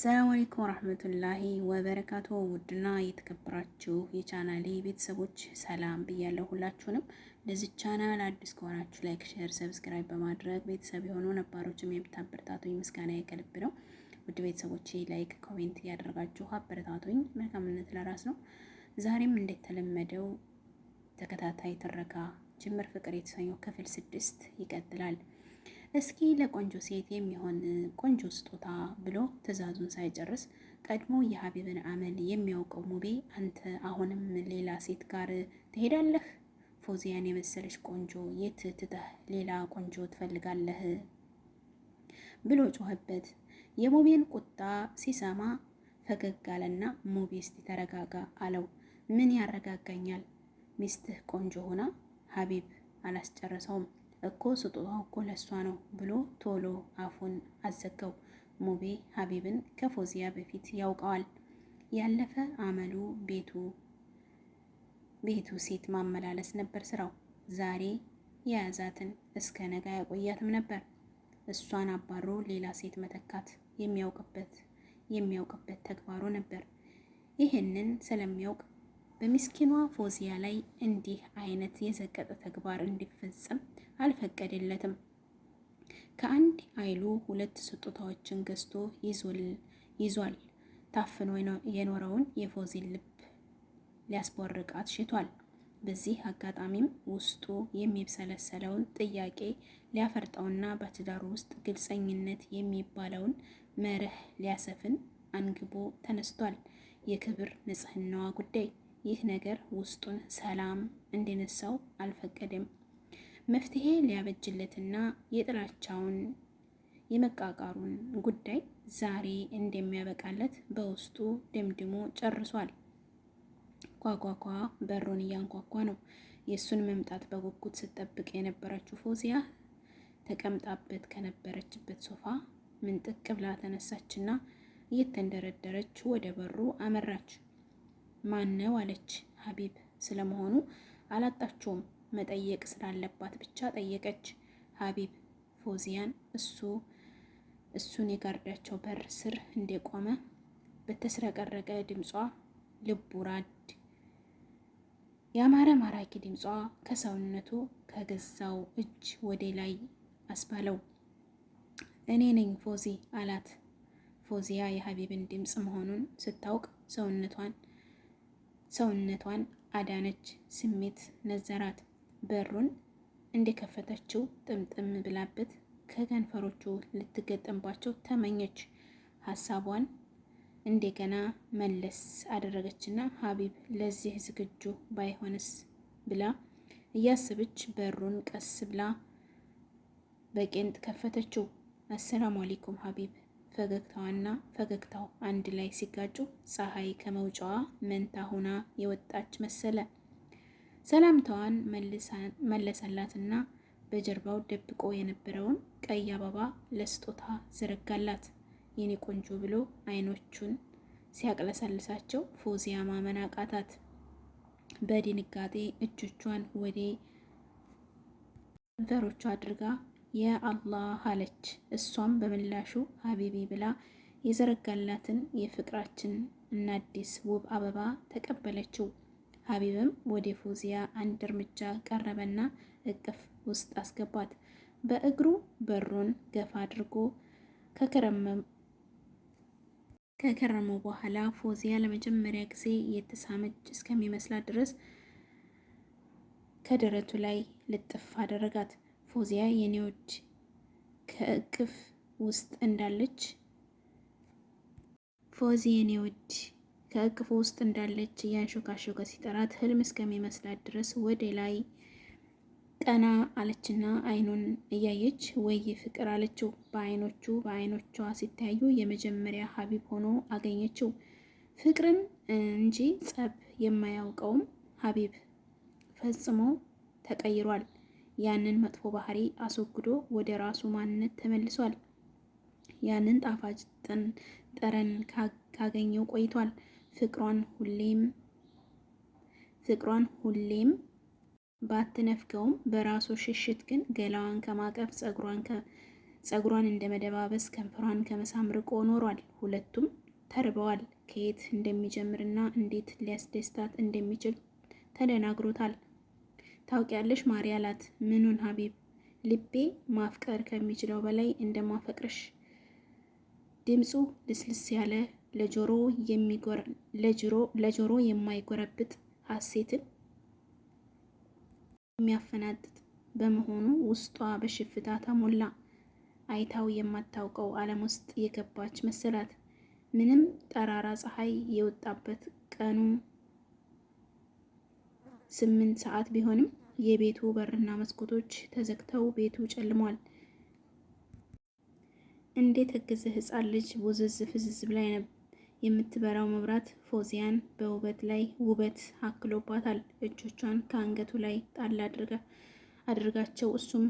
ሰላም አለይኩም ወራህመቱላሂ ወበረካቱ። ውድና የተከበራችሁ የቻናሌ ቤተሰቦች ሰላም ብያለሁ ሁላችሁንም። ለዚህ ቻናል አዲስ ከሆናችሁ ላይክ፣ ሼር፣ ሰብስክራይብ በማድረግ ቤተሰብ የሆኑ ነባሮችም የምታበረታቱኝ ምስጋና የከልብ ነው። ውድ ቤተሰቦች ላይክ፣ ኮሜንት እያደረጋችሁ አበረታቱኝ። መልካምነት ለራስ ነው። ዛሬም እንደተለመደው ተከታታይ ትረካ ጅምር ፍቅር የተሰኘው ክፍል ስድስት ይቀጥላል። እስኪ ለቆንጆ ሴት የሚሆን ቆንጆ ስጦታ ብሎ ትዕዛዙን ሳይጨርስ ቀድሞ የሀቢብን አመል የሚያውቀው ሙቤ አንተ አሁንም ሌላ ሴት ጋር ትሄዳለህ? ፎዚያን የመሰለች ቆንጆ የት ትተህ ሌላ ቆንጆ ትፈልጋለህ? ብሎ ጮኸበት። የሙቤን ቁጣ ሲሰማ ፈገግ አለና ሙቤ እስቲ ተረጋጋ አለው። ምን ያረጋጋኛል? ሚስትህ ቆንጆ ሆና ሀቢብ አላስጨረሰውም። እኮ ስጦታው እኮ ለሷ ነው ብሎ ቶሎ አፉን አዘጋው። ሙቤ ሀቢብን ከፎዚያ በፊት ያውቀዋል። ያለፈ አመሉ ቤቱ ቤቱ ሴት ማመላለስ ነበር ስራው። ዛሬ የያዛትን እስከ ነጋ ያቆያትም ነበር። እሷን አባሮ ሌላ ሴት መተካት የሚያውቅበት የሚያውቅበት ተግባሩ ነበር። ይህንን ስለሚያውቅ በምስኪኗ ፎዚያ ላይ እንዲህ አይነት የዘቀጠ ተግባር እንዲፈጸም አልፈቀደለትም። ከአንድ አይሉ ሁለት ስጦታዎችን ገዝቶ ይዟል። ታፍኖ የኖረውን የፎዚን ልብ ሊያስቧርቃት ሽቷል። በዚህ አጋጣሚም ውስጡ የሚብሰለሰለውን ጥያቄ ሊያፈርጠውና በትዳሩ ውስጥ ግልጸኝነት የሚባለውን መርህ ሊያሰፍን አንግቦ ተነስቷል። የክብር ንጽህናዋ ጉዳይ ይህ ነገር ውስጡን ሰላም እንዲነሳው አልፈቀደም። መፍትሄ ሊያበጅለትና የጥላቻውን የመቃቃሩን ጉዳይ ዛሬ እንደሚያበቃለት በውስጡ ደምድሞ ጨርሷል። ኳኳኳ በሩን እያንኳኳ ነው። የእሱን መምጣት በጉጉት ስጠብቅ የነበረችው ፎዚያ ተቀምጣበት ከነበረችበት ሶፋ ምንጥቅ ብላ ተነሳችና እየተንደረደረች ወደ በሩ አመራች። ማነው አለች ሀቢብ ስለመሆኑ አላጣችውም መጠየቅ ስላለባት ብቻ ጠየቀች ሀቢብ ፎዚያን እሱ እሱን የጋርዳቸው በር ስር እንደቆመ በተስረቀረቀ ድምጿ ልቡራድ ያማረ ማራኪ ድምጿ ከሰውነቱ ከገዛው እጅ ወደ ላይ አስባለው። እኔ ነኝ ፎዚ አላት። ፎዚያ የሀቢብን ድምፅ መሆኑን ስታውቅ ሰውነቷን ሰውነቷን አዳነች። ስሜት ነዘራት። በሩን እንደከፈተችው ጥምጥም ብላበት ከከንፈሮቹ ልትገጠምባቸው ተመኘች። ሀሳቧን እንደገና መለስ አደረገችና ሀቢብ ለዚህ ዝግጁ ባይሆንስ ብላ እያሰበች በሩን ቀስ ብላ በቄንጥ ከፈተችው። አሰላሙ አለይኩም ሀቢብ ፈገግታዋና ፈገግታው አንድ ላይ ሲጋጩ ፀሐይ ከመውጫዋ መንታ ሆና የወጣች መሰለ። ሰላምታዋን መለሰላትና በጀርባው ደብቆ የነበረውን ቀይ አበባ ለስጦታ ዘረጋላት። የኔ ቆንጆ ብሎ አይኖቹን ሲያቅለሰልሳቸው ፎዚያ ማመን አቃታት። በድንጋጤ እጆቿን ወደ ከንፈሮቿ አድርጋ የአላህ አለች። እሷም በምላሹ ሀቢቢ ብላ የዘረጋላትን የፍቅራችን እና አዲስ ውብ አበባ ተቀበለችው። ሀቢብም ወደ ፎዚያ አንድ እርምጃ ቀረበና እቅፍ ውስጥ አስገባት። በእግሩ በሩን ገፋ አድርጎ ከከረመው በኋላ ፎዚያ ለመጀመሪያ ጊዜ የተሳመች እስከሚመስላት ድረስ ከደረቱ ላይ ልጥፍ አደረጋት። ፎዚያ የኔዎች ከእቅፍ ውስጥ እንዳለች ፎዚ የኔዎች ከእቅፉ ውስጥ እንዳለች እያንሾካሾከ ሲጠራት ህልም እስከሚመስላት ድረስ ወደ ላይ ቀና አለችና አይኑን እያየች ወይ ፍቅር አለችው። በአይኖቹ በአይኖቿ ሲታዩ የመጀመሪያ ሀቢብ ሆኖ አገኘችው። ፍቅርን እንጂ ጸብ የማያውቀውም ሀቢብ ፈጽሞ ተቀይሯል። ያንን መጥፎ ባህሪ አስወግዶ ወደ ራሱ ማንነት ተመልሷል። ያንን ጣፋጭ ጠረን ካገኘው ቆይቷል። ፍቅሯን ሁሌም ፍቅሯን ሁሌም ባትነፍገውም በራሱ ሽሽት ግን ገላዋን ከማቀፍ ጸጉሯን ጸጉሯን እንደ መደባበስ ከንፈሯን ከመሳም ርቆ ኖሯል። ሁለቱም ተርበዋል። ከየት እንደሚጀምርና እንዴት ሊያስደስታት እንደሚችል ተደናግሮታል። ታውቂያለሽ ማሪ አላት። ምኑን ሀቢብ? ልቤ ማፍቀር ከሚችለው በላይ እንደማፈቅርሽ። ድምፁ ልስልስ ያለ ለጆሮ የማይጎረብጥ ሀሴትን የሚያፈናጥጥ በመሆኑ ውስጧ በሽፍታ ተሞላ። አይታው የማታውቀው ዓለም ውስጥ የገባች መሰላት። ምንም ጠራራ ፀሐይ የወጣበት ቀኑ ስምንት ሰዓት ቢሆንም የቤቱ በርና መስኮቶች ተዘግተው ቤቱ ጨልሟል። እንዴት እግዝ ህፃን ልጅ ውዝዝ ፍዝዝ ብላ የምትበራው መብራት ፎዚያን በውበት ላይ ውበት አክሎባታል። እጆቿን ከአንገቱ ላይ ጣል አድርጋቸው እሱም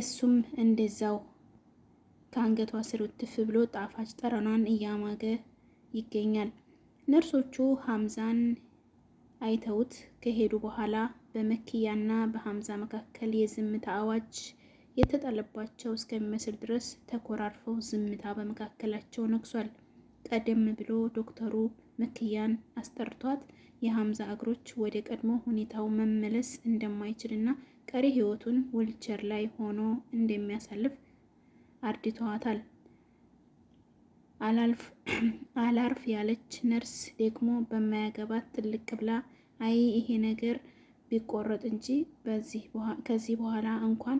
እሱም እንደዛው ከአንገቷ ስር ውትፍ ብሎ ጣፋጭ ጠረኗን እያማገ ይገኛል። ነርሶቹ ሐምዛን አይተውት ከሄዱ በኋላ በመክያና በሐምዛ መካከል የዝምታ አዋጅ የተጣለባቸው እስከሚመስል ድረስ ተኮራርፈው ዝምታ በመካከላቸው ነግሷል። ቀደም ብሎ ዶክተሩ መክያን አስጠርቷት የሐምዛ እግሮች ወደ ቀድሞ ሁኔታው መመለስ እንደማይችልና ቀሪ ሕይወቱን ውልቸር ላይ ሆኖ እንደሚያሳልፍ አርድተዋታል። አላርፍ ያለች ነርስ ደግሞ በማያገባት ትልቅ ብላ አይ ይሄ ነገር ቢቆረጥ እንጂ ከዚህ በኋላ እንኳን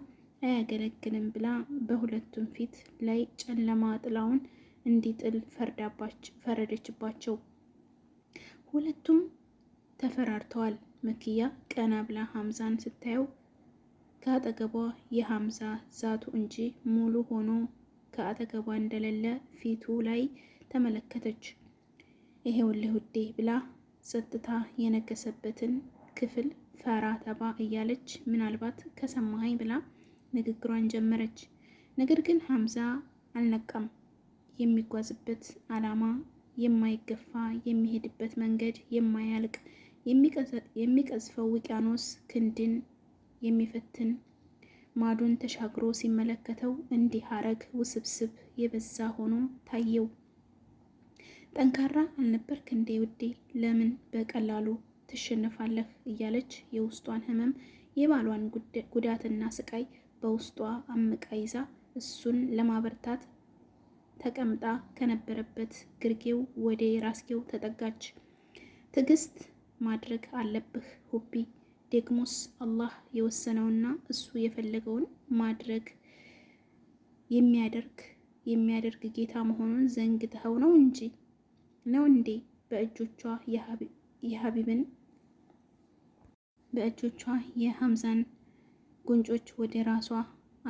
አያገለግልም ብላ በሁለቱም ፊት ላይ ጨለማ ጥላውን እንዲጥል ፈረደችባቸው። ሁለቱም ተፈራርተዋል። መኪያ ቀና ብላ ሀምዛን ስታየው ከአጠገቧ የሀምዛ ዛቱ እንጂ ሙሉ ሆኖ ከአጠገቧ እንደሌለ ፊቱ ላይ ተመለከተች። ይሄውልህ ውዴ ብላ ጸጥታ የነገሰበትን ክፍል ፈራ ተባ እያለች ምናልባት ከሰማኸኝ ብላ ንግግሯን ጀመረች። ነገር ግን ሀምዛ አልነቃም። የሚጓዝበት ዓላማ የማይገፋ የሚሄድበት መንገድ የማያልቅ የሚቀዝፈው ውቅያኖስ ክንድን የሚፈትን ማዶን ተሻግሮ ሲመለከተው እንዲህ ሐረግ ውስብስብ የበዛ ሆኖ ታየው። ጠንካራ አልነበርክ እንዴ ውዴ? ለምን በቀላሉ ትሸነፋለህ? እያለች የውስጧን ህመም የባሏን ጉዳትና ስቃይ በውስጧ አምቃ ይዛ እሱን ለማበርታት ተቀምጣ ከነበረበት ግርጌው ወደ ራስጌው ተጠጋች። ትዕግስት ማድረግ አለብህ ሁቢ ደግሞስ አላህ የወሰነውና እሱ የፈለገውን ማድረግ የሚያደርግ የሚያደርግ ጌታ መሆኑን ዘንግተኸው ነው እንጂ ነው እንዴ? በእጆቿ የሀቢብን በእጆቿ የሀምዛን ጉንጮች ወደ ራሷ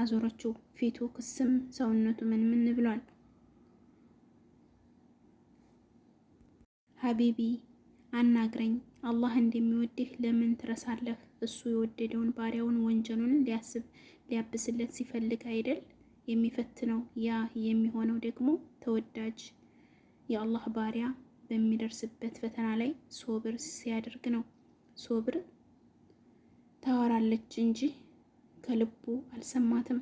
አዞረችው። ፊቱ ክስም ሰውነቱ ምን ምን ብሏል። ሀቢቢ አናግረኝ አላህ እንደሚወድህ ለምን ትረሳለህ? እሱ የወደደውን ባሪያውን ወንጀሉን ሊያስብ ሊያብስለት ሲፈልግ አይደል የሚፈትነው። ያ የሚሆነው ደግሞ ተወዳጅ የአላህ ባሪያ በሚደርስበት ፈተና ላይ ሶብር ሲያደርግ ነው። ሶብር ታወራለች እንጂ ከልቡ አልሰማትም፣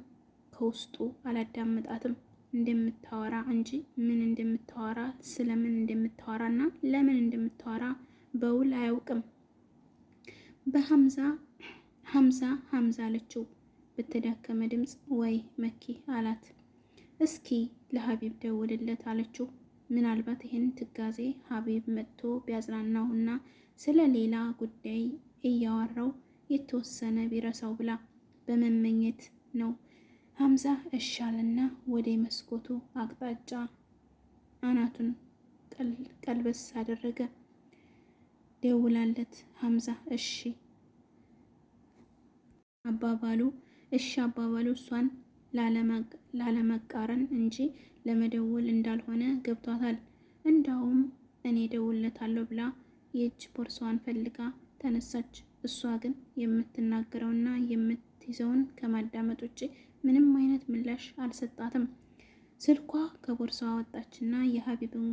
ከውስጡ አላዳመጣትም። እንደምታወራ እንጂ ምን እንደምታወራ ስለምን እንደምታወራ እና ለምን እንደምታወራ በውል አያውቅም። በሀምሳ ሀምሳ ሀምሳ አለችው በተዳከመ ድምፅ። ወይ መኪ አላት። እስኪ ለሀቢብ ደውልለት አለችው። ምናልባት ይህን ትጋዜ ሀቢብ መጥቶ ቢያጽናናው እና ስለ ሌላ ጉዳይ እያወራው የተወሰነ ቢረሳው ብላ በመመኘት ነው። ሀምዛ እሻልና ወደ መስኮቱ አቅጣጫ አናቱን ቀልበስ አደረገ። ደውላለት ሀምዛ እሺ አባባሉ እሺ አባባሉ እሷን ላለመቃረን እንጂ ለመደወል እንዳልሆነ ገብቷታል። እንዳውም እኔ ደውልለታለሁ ብላ የእጅ ቦርሳዋን ፈልጋ ተነሳች። እሷ ግን የምትናገረውና የምትይዘውን ከማዳመጥ ውጭ ምንም አይነት ምላሽ አልሰጣትም። ስልኳ ከቦርሳዋ ወጣችና የሀቢብን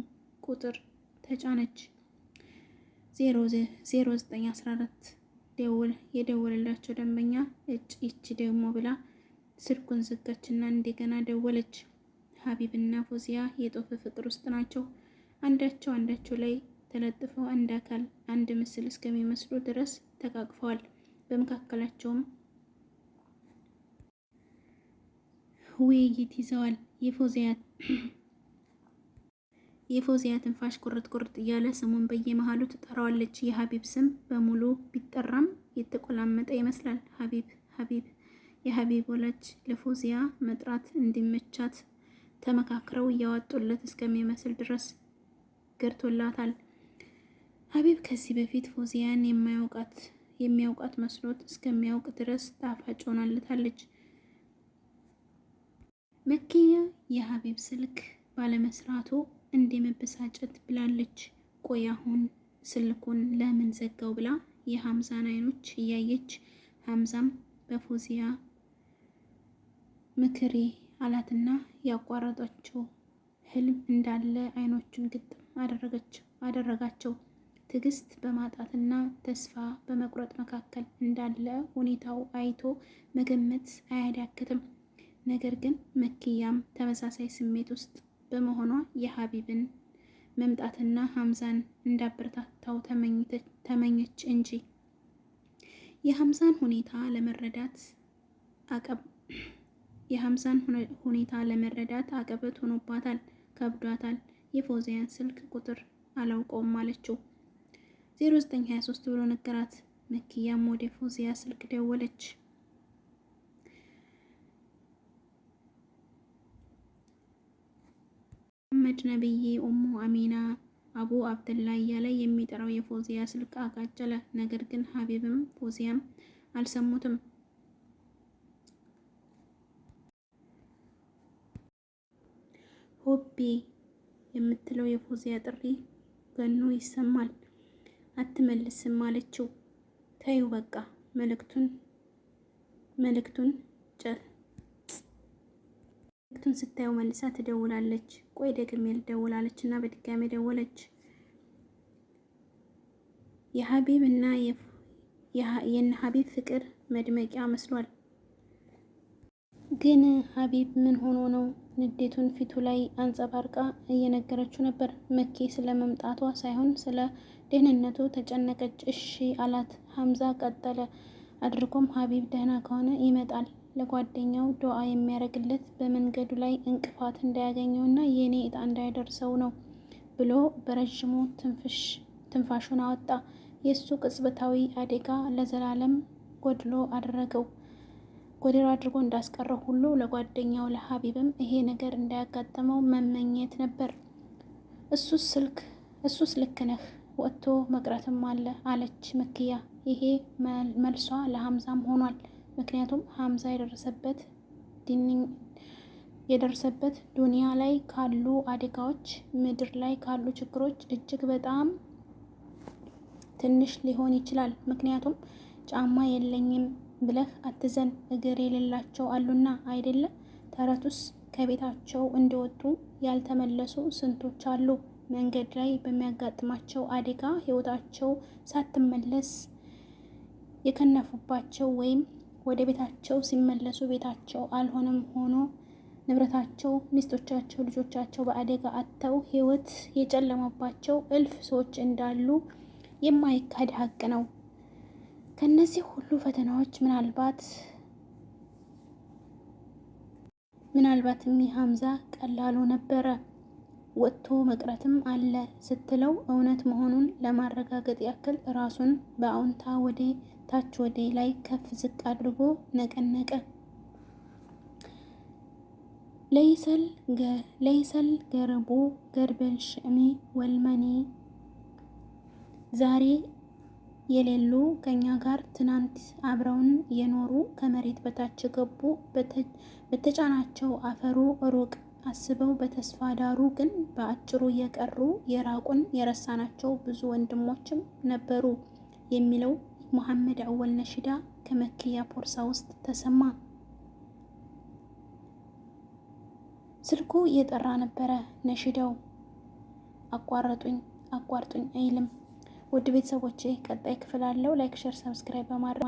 ቁጥር ተጫነች። 0914 ደውል የደወለላቸው ደንበኛ እጭ ይቺ ደግሞ ብላ ስልኩን ዘጋችና እንደገና ደወለች። ሀቢብና ፎዚያ የጦፈ ፍቅር ውስጥ ናቸው። አንዳቸው አንዳቸው ላይ ተለጥፈው አንድ አካል አንድ ምስል እስከሚመስሉ ድረስ ተቃቅፈዋል። በመካከላቸውም ውይይት ይዘዋል። የፎዚያ የፎዚያ ትንፋሽ ቁርጥ ቁርጥ እያለ ስሙን በየመሃሉ ትጠራዋለች። የሀቢብ ስም በሙሉ ቢጠራም የተቆላመጠ ይመስላል። ሀቢብ ሀቢብ። የሀቢብ ወላጅ ለፎዚያ መጥራት እንዲመቻት ተመካክረው እያዋጡለት እስከሚመስል ድረስ ገርቶላታል። ሀቢብ ከዚህ በፊት ፎዚያን የማያውቃት የሚያውቃት መስሎት እስከሚያውቅ ድረስ ጣፋጭ ሆናለታለች። መኪያ የሀቢብ ስልክ ባለመስራቱ እንዴ መበሳጨት ብላለች። ቆይ አሁን ስልኩን ለምን ዘጋው ብላ የሀምዛን አይኖች እያየች ሀምዛም በፎዚያ ምክሪ አላትና ያቋረጧቸው ህልም እንዳለ አይኖቹን ግጥም አደረጋቸው። ትዕግስት በማጣትና ተስፋ በመቁረጥ መካከል እንዳለ ሁኔታው አይቶ መገመት አያዳክትም። ነገር ግን መክያም ተመሳሳይ ስሜት ውስጥ በመሆኗ የሀቢብን መምጣትና ሀምዛን እንዳበረታታው ተመኘች እንጂ የሀምዛን ሁኔታ ለመረዳት የሀምዛን ሁኔታ ለመረዳት አቀበት ሆኖባታል፣ ከብዷታል። የፎዚያን ስልክ ቁጥር አላውቀውም አለችው። 0923 ብሎ ነገራት። መኪያም ወደ ፎዚያ ስልክ ደወለች። መሐመድ ነብዬ ኡሙ አሚና አቡ አብደላ እያለ የሚጠራው የፎዚያ ስልክ አቃጨለ። ነገር ግን ሀቢብም ፎዚያም አልሰሙትም። ሆቤ የምትለው የፎዚያ ጥሪ ገኖ ይሰማል። አትመልስም አለችው። ተይው በቃ መልእክቱን መልእክቱን መልእክቱን ስታየው መልሳ ትደውላለች። ቆይ ደግሜ ልደውላለች እና በድጋሜ ደወለች። የሀቢብ እና የነ ሀቢብ ፍቅር መድመቂያ መስሏል። ግን ሀቢብ ምን ሆኖ ነው ንዴቱን ፊቱ ላይ አንጸባርቃ እየነገረችው ነበር። መኬ ስለ መምጣቷ ሳይሆን ስለ ደህንነቱ ተጨነቀች። እሺ አላት። ሀምዛ ቀጠለ አድርጎም ሀቢብ ደህና ከሆነ ይመጣል ለጓደኛው ዱዓ የሚያደርግለት በመንገዱ ላይ እንቅፋት እንዳያገኘውና የእኔ እጣ እንዳይደርሰው ነው ብሎ በረዥሙ ትንፋሹን አወጣ። የእሱ ቅጽበታዊ አደጋ ለዘላለም ጎድሎ አደረገው ጎደሎ አድርጎ እንዳስቀረው ሁሉ ለጓደኛው ለሀቢብም ይሄ ነገር እንዳያጋጠመው መመኘት ነበር። እሱስ ስልክ እሱስ ልክ ነህ ወጥቶ መቅረትም አለ አለች መክያ። ይሄ መልሷ ለሀምዛም ሆኗል። ምክንያቱም ሀምዛ የደረሰበት የደረሰበት ዱንያ ላይ ካሉ አደጋዎች፣ ምድር ላይ ካሉ ችግሮች እጅግ በጣም ትንሽ ሊሆን ይችላል። ምክንያቱም ጫማ የለኝም ብለህ አትዘን፣ እግር የሌላቸው አሉና አይደለም። ተረቱስ ከቤታቸው እንደወጡ ያልተመለሱ ስንቶች አሉ። መንገድ ላይ በሚያጋጥማቸው አደጋ ህይወታቸው ሳትመለስ የከነፉባቸው ወይም ወደ ቤታቸው ሲመለሱ ቤታቸው አልሆነም ሆኖ ንብረታቸው፣ ሚስቶቻቸው፣ ልጆቻቸው በአደጋ አጥተው ህይወት የጨለመባቸው እልፍ ሰዎች እንዳሉ የማይካድ ሀቅ ነው። ከነዚህ ሁሉ ፈተናዎች ምናልባት ምናልባትም ሀምዛ ቀላሉ ነበረ። ወጥቶ መቅረትም አለ ስትለው እውነት መሆኑን ለማረጋገጥ ያክል ራሱን በአውንታ ወደ ታች ወደ ላይ ከፍ ዝቅ አድርጎ ነቀነቀ። ለይሰል ገረቦ ገርበን ሽዕሚ ወልመኒ ዛሬ የሌሉ ከኛ ጋር ትናንት አብረውን የኖሩ ከመሬት በታች የገቡ በተጫናቸው አፈሩ ሩቅ አስበው በተስፋ ዳሩ ግን በአጭሩ የቀሩ የራቁን የረሳናቸው ብዙ ወንድሞችም ነበሩ የሚለው መሐመድ አወል ነሽዳ ከመክያ ቦርሳ ውስጥ ተሰማ። ስልኩ እየጠራ ነበረ። ነሽዳው አቋረጡኝ አቋርጡኝ አይልም። ውድ ቤተሰቦቼ ቀጣይ ክፍል አለው። ላይክ፣ ሸር፣ ሰብስክራይብ በማድረግ